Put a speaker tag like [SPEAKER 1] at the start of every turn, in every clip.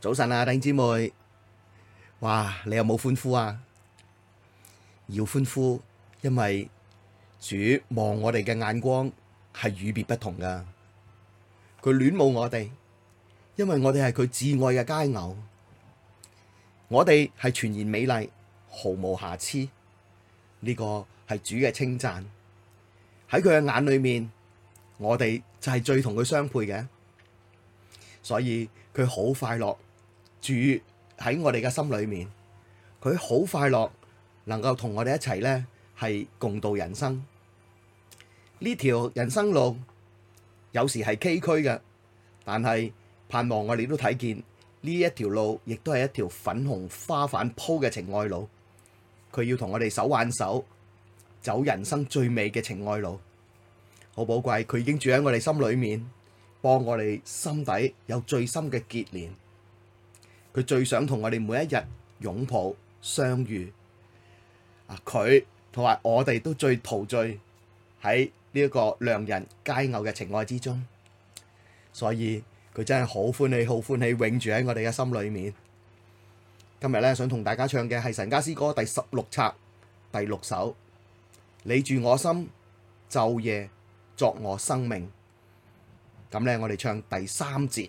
[SPEAKER 1] 早晨啊，弟兄姊妹，哇！你有冇歡呼啊？要歡呼，因為主望我哋嘅眼光係與別不同噶。佢戀慕我哋，因為我哋係佢至愛嘅佳偶。我哋係全然美麗，毫無瑕疵。呢個係主嘅稱讚。喺佢嘅眼裏面，我哋就係最同佢相配嘅，所以佢好快樂，住喺我哋嘅心裏面，佢好快樂，能夠同我哋一齊呢，係共度人生呢條人生路。有時係崎嶇嘅，但係盼望我哋都睇見呢一條路，亦都係一條粉紅花瓣鋪嘅情愛路。佢要同我哋手挽手走人生最美嘅情愛路，好寶貴。佢已經住喺我哋心裏面，幫我哋心底有最深嘅結連。佢最想同我哋每一日擁抱相遇，佢同埋我哋都最陶醉喺呢一個良人佳偶嘅情愛之中，所以佢真係好歡喜，好歡喜永住喺我哋嘅心裏面。今日咧想同大家唱嘅係神家詩歌第十六冊第六首，祢住我心，晝夜作我生命。咁咧，我哋唱第三節。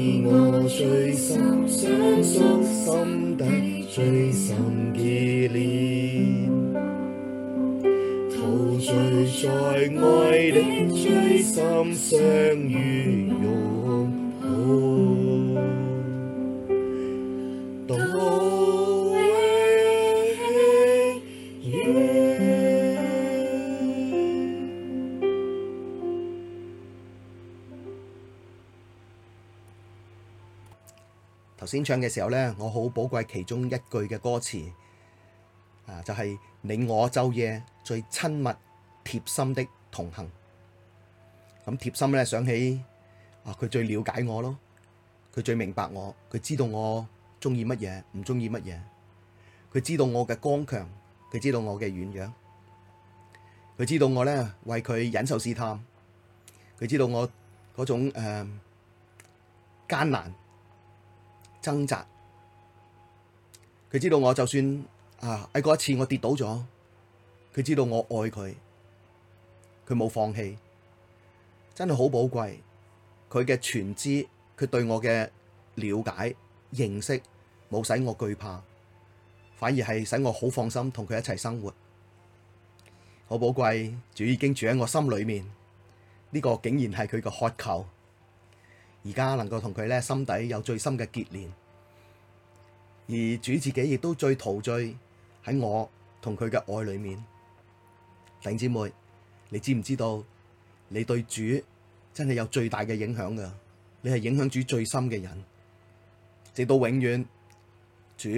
[SPEAKER 1] 祢我最深相屬，心底最深結連，陶醉在愛的最深相遇。先唱嘅時候咧，我好寶貴其中一句嘅歌詞，啊，就係、是、你我晝夜最親密貼心的同行。咁貼心咧，想起啊，佢最了解我咯，佢最明白我，佢知道我中意乜嘢，唔中意乜嘢，佢知道我嘅剛強，佢知道我嘅軟弱，佢知道我咧為佢忍受試探，佢知道我嗰種誒艱、呃、難。掙扎，佢知道我就算啊喺嗰一次我跌倒咗，佢知道我愛佢，佢冇放棄，真係好寶貴。佢嘅全知，佢對我嘅了解、認識，冇使我懼怕，反而係使我好放心同佢一齊生活。好寶貴，主已經住喺我心裏面，呢、這個竟然係佢嘅渴求。而家能夠同佢咧心底有最深嘅結連，而主自己亦都最陶醉喺我同佢嘅愛裏面。弟兄姊妹，你知唔知道？你對主真係有最大嘅影響噶，你係影響主最深嘅人，直到永遠。主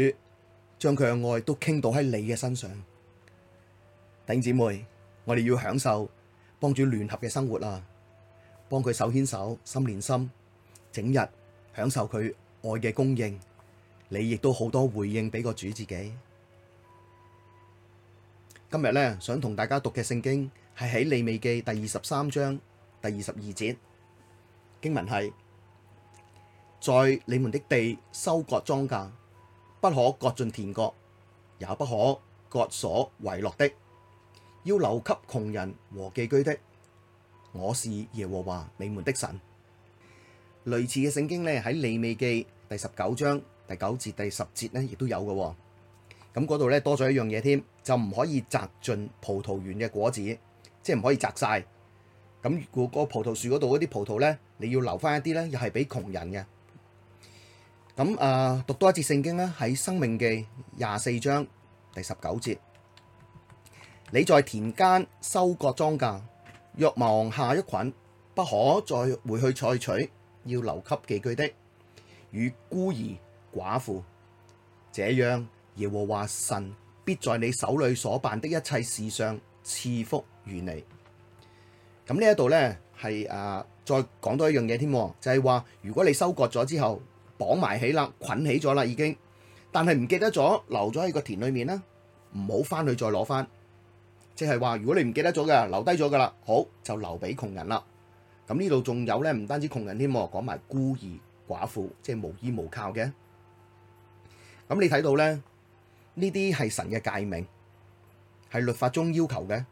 [SPEAKER 1] 將佢嘅愛都傾倒喺你嘅身上。弟兄姊妹，我哋要享受幫主聯合嘅生活啦，幫佢手牽手、心連心。整日享受佢愛嘅供應，你亦都好多回應俾個主自己。今日咧想同大家讀嘅聖經係喺利未記第二十三章第二十二節。經文係：在你們的地收割莊稼，不可割盡田角，也不可割所遺落的，要留給窮人和寄居的。我是耶和華你們的神。類似嘅聖經咧，喺利未記第十九章第九節第十節咧，亦都有嘅。咁嗰度咧多咗一樣嘢添，就唔可以摘盡葡萄園嘅果子，即係唔可以摘晒。咁如果個葡萄樹嗰度嗰啲葡萄咧，你要留翻一啲咧，又係俾窮人嘅。咁啊，讀多一節聖經咧，喺申命記廿四章第十九節，你在田間收割莊稼，若忘下一捆，不可再回去採取。要留給寄居的，與孤兒寡婦，這樣耶和華神必在你手裏所辦的一切事上賜福與你。咁呢一度呢，係誒、啊、再講多一樣嘢添，就係、是、話如果你收割咗之後綁埋起啦捆起咗啦已經，但係唔記得咗留咗喺個田裏面啦，唔好翻去再攞翻。即係話如果你唔記得咗嘅留低咗噶啦，好就留俾窮人啦。咁呢度仲有咧，唔單止窮人添，講埋孤兒寡婦，即係無依無靠嘅。咁你睇到咧，呢啲係神嘅誡命，係律法中要求嘅。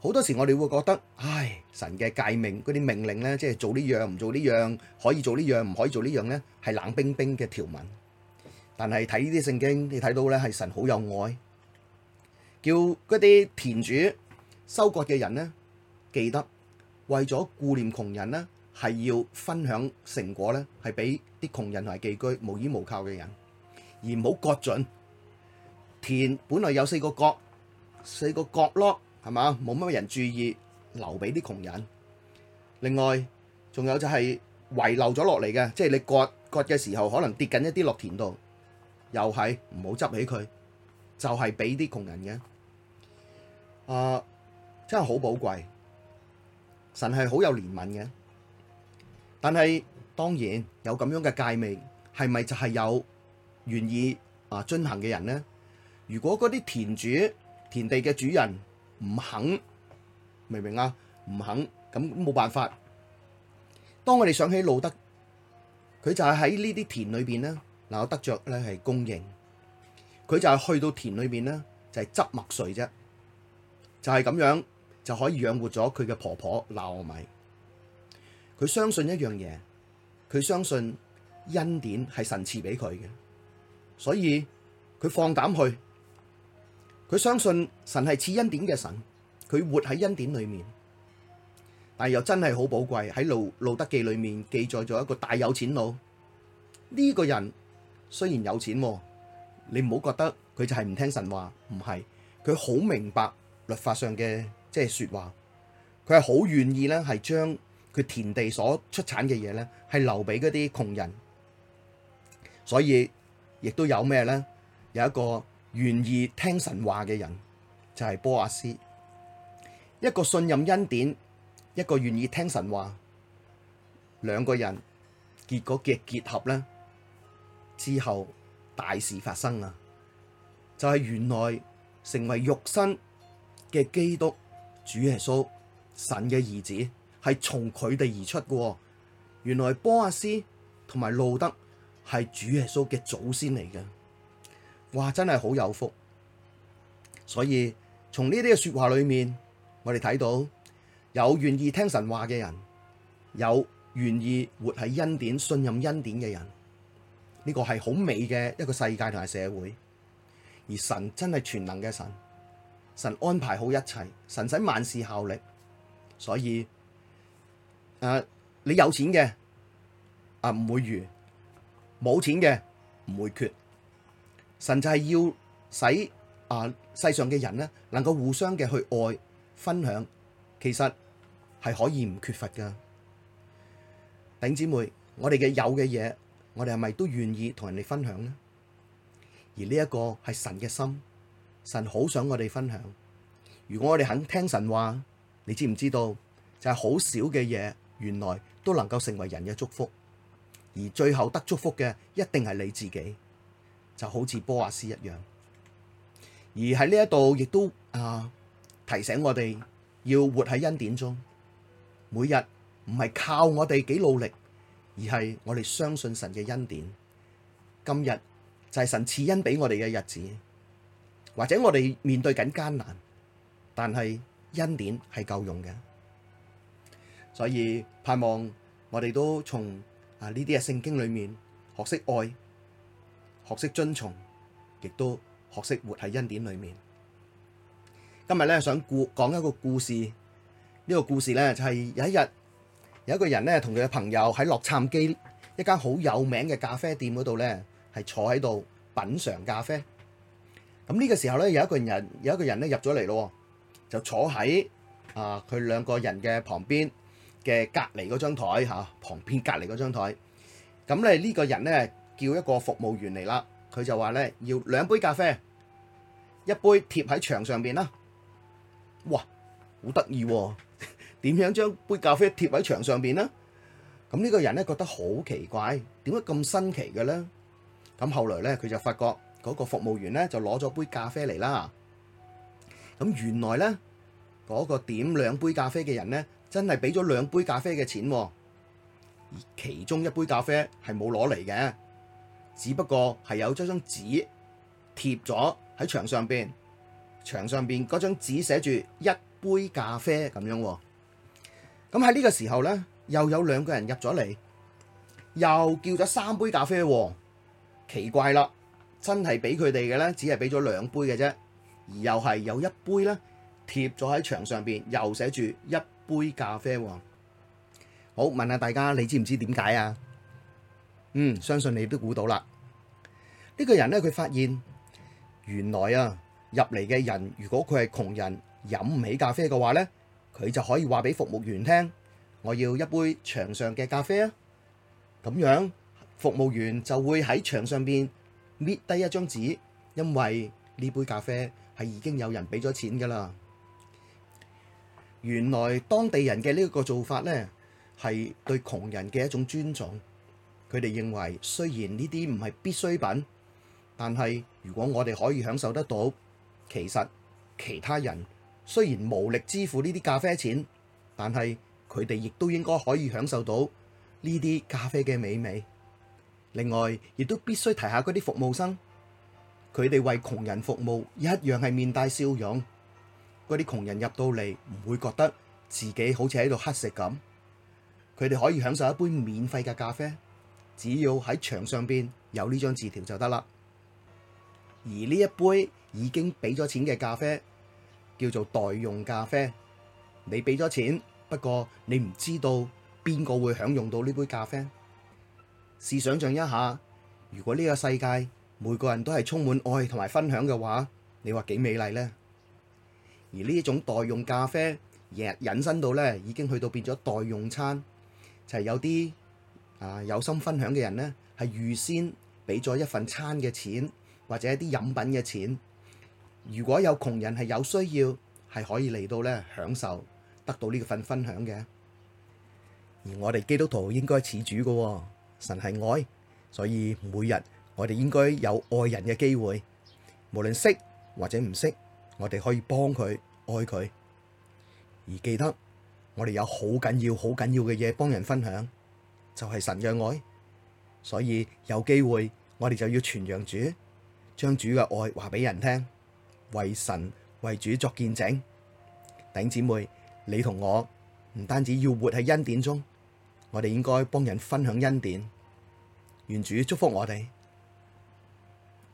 [SPEAKER 1] 好多時我哋會覺得，唉，神嘅誡命，嗰啲命令咧，即係做呢樣唔做呢樣，可以做呢樣唔可以做呢樣咧，係冷冰冰嘅條文。但係睇呢啲聖經，你睇到咧係神好有愛，叫嗰啲田主收割嘅人咧，記得。為咗顧念窮人咧，係要分享成果咧，係俾啲窮人同埋寄居無依無靠嘅人，而唔好割盡田。本來有四個角，四個角落係嘛，冇乜人注意，留俾啲窮人。另外，仲有就係遺留咗落嚟嘅，即係你割割嘅時候，可能跌緊一啲落田度，又係唔好執起佢，就係俾啲窮人嘅。啊，真係好寶貴。神係好有憐憫嘅，但係當然有咁樣嘅誡命，係咪就係有願意啊遵行嘅人呢？如果嗰啲田主、田地嘅主人唔肯，明唔明啊？唔肯咁冇辦法。當我哋想起路德，佢就係喺呢啲田裏邊呢，嗱得着咧係供應，佢就係去到田裏邊呢，就係、是、執麥穗啫，就係、是、咁樣。就可以養活咗佢嘅婆婆拿俄米。佢相信一樣嘢，佢相信恩典係神賜俾佢嘅，所以佢放膽去。佢相信神係賜恩典嘅神，佢活喺恩典裏面。但又真係好寶貴，喺路路得記裏面記載咗一個大有錢佬，呢個人雖然有錢啊，你唔好覺得佢就係唔聽神話，唔係佢好明白律法上嘅。即係說話，佢係好願意咧，係將佢田地所出產嘅嘢咧，係留俾嗰啲窮人。所以亦都有咩咧？有一個願意聽神話嘅人，就係波阿斯，一個信任恩典，一個願意聽神話，兩個人結果嘅結合咧，之後大事發生啦！就係原來成為肉身嘅基督。主耶穌，神嘅兒子係從佢哋而出嘅。原來波阿斯同埋路德係主耶穌嘅祖先嚟嘅。哇，真係好有福。所以從呢啲嘅說話裏面，我哋睇到有願意聽神話嘅人，有願意活喺恩典、信任恩典嘅人。呢、這個係好美嘅一個世界同埋社會。而神真係全能嘅神。神安排好一切，神使萬事效力，所以，誒，你有錢嘅，啊唔會餘；冇錢嘅唔會缺。神就係要使啊世上嘅人咧，能夠互相嘅去愛分享，其實係可以唔缺乏噶。弟兄姊妹，我哋嘅有嘅嘢，我哋係咪都願意同人哋分享呢？而呢一個係神嘅心。神好想我哋分享，如果我哋肯聽神話，你知唔知道？就係好少嘅嘢，原來都能夠成為人嘅祝福，而最後得祝福嘅一定係你自己，就好似波阿斯一樣。而喺呢一度，亦都啊提醒我哋要活喺恩典中，每日唔係靠我哋幾努力，而係我哋相信神嘅恩典。今日就係神賜恩俾我哋嘅日子。或者我哋面對緊艱難，但係恩典係夠用嘅，所以盼望我哋都從啊呢啲嘅聖經裏面學識愛，學識遵從，亦都學識活喺恩典裏面。今日咧想故講一個故事，呢個故事咧就係有一日，有一個人咧同佢嘅朋友喺洛杉磯一間好有名嘅咖啡店嗰度咧，係坐喺度品嘗咖啡。咁呢個時候呢，有一個人，有一個人咧入咗嚟咯，就坐喺啊佢兩個人嘅旁邊嘅隔籬嗰張台吓，旁邊隔籬嗰張台。咁咧呢個人呢，叫一個服務員嚟啦，佢就話呢，要兩杯咖啡，一杯貼喺牆上邊啦。哇，好得意喎！點樣將杯咖啡貼喺牆上邊呢？咁呢個人呢，覺得好奇怪，點解咁新奇嘅呢？咁後來呢，佢就發覺。嗰個服務員咧就攞咗杯咖啡嚟啦，咁原來呢，嗰、嗰個點兩杯咖啡嘅人呢，真係俾咗兩杯咖啡嘅錢，啊，而其中一杯咖啡係冇攞嚟嘅，只不過係有一張紙貼咗喺牆上邊，牆上邊嗰張紙寫住一杯咖啡咁樣，啊。咁喺呢個時候呢，又有兩個人入咗嚟，又叫咗三杯咖啡，啊，奇怪啦！真係俾佢哋嘅咧，只係俾咗兩杯嘅啫，而又係有一杯咧貼咗喺牆上邊，又寫住一杯咖啡喎。好，問下大家，你知唔知點解啊？嗯，相信你都估到啦。呢個人呢，佢發現原來啊入嚟嘅人，如果佢係窮人飲唔起咖啡嘅話呢，佢就可以話俾服務員聽：我要一杯牆上嘅咖啡啊！咁樣服務員就會喺牆上邊。搣低一張紙，因為呢杯咖啡係已經有人俾咗錢㗎喇。原來當地人嘅呢個做法呢，係對窮人嘅一種尊重。佢哋認為，雖然呢啲唔係必需品，但係如果我哋可以享受得到，其實其他人雖然無力支付呢啲咖啡錢，但係佢哋亦都應該可以享受到呢啲咖啡嘅美味。另外，亦都必須提下嗰啲服務生，佢哋為窮人服務，一樣係面帶笑容。嗰啲窮人入到嚟唔會覺得自己好似喺度乞食咁，佢哋可以享受一杯免費嘅咖啡，只要喺牆上邊有呢張字條就得啦。而呢一杯已經俾咗錢嘅咖啡叫做代用咖啡，你俾咗錢，不過你唔知道邊個會享用到呢杯咖啡。試想像一下，如果呢個世界每個人都係充滿愛同埋分享嘅話，你話幾美麗呢？而呢一種代用咖啡引引申到咧，已經去到變咗代用餐，就係、是、有啲啊有心分享嘅人咧，係預先俾咗一份餐嘅錢或者啲飲品嘅錢。如果有窮人係有需要，係可以嚟到咧享受得到呢份分享嘅。而我哋基督徒應該似主嘅、哦。神係愛，所以每日我哋應該有愛人嘅機會，無論識或者唔識，我哋可以幫佢愛佢，而記得我哋有好緊要、好緊要嘅嘢幫人分享，就係神嘅愛。所以有機會，我哋就要傳揚主，將主嘅愛話俾人聽，為神為主作見證。頂姊妹，你同我唔單止要活喺恩典中。我哋應該幫人分享恩典，願主祝福我哋。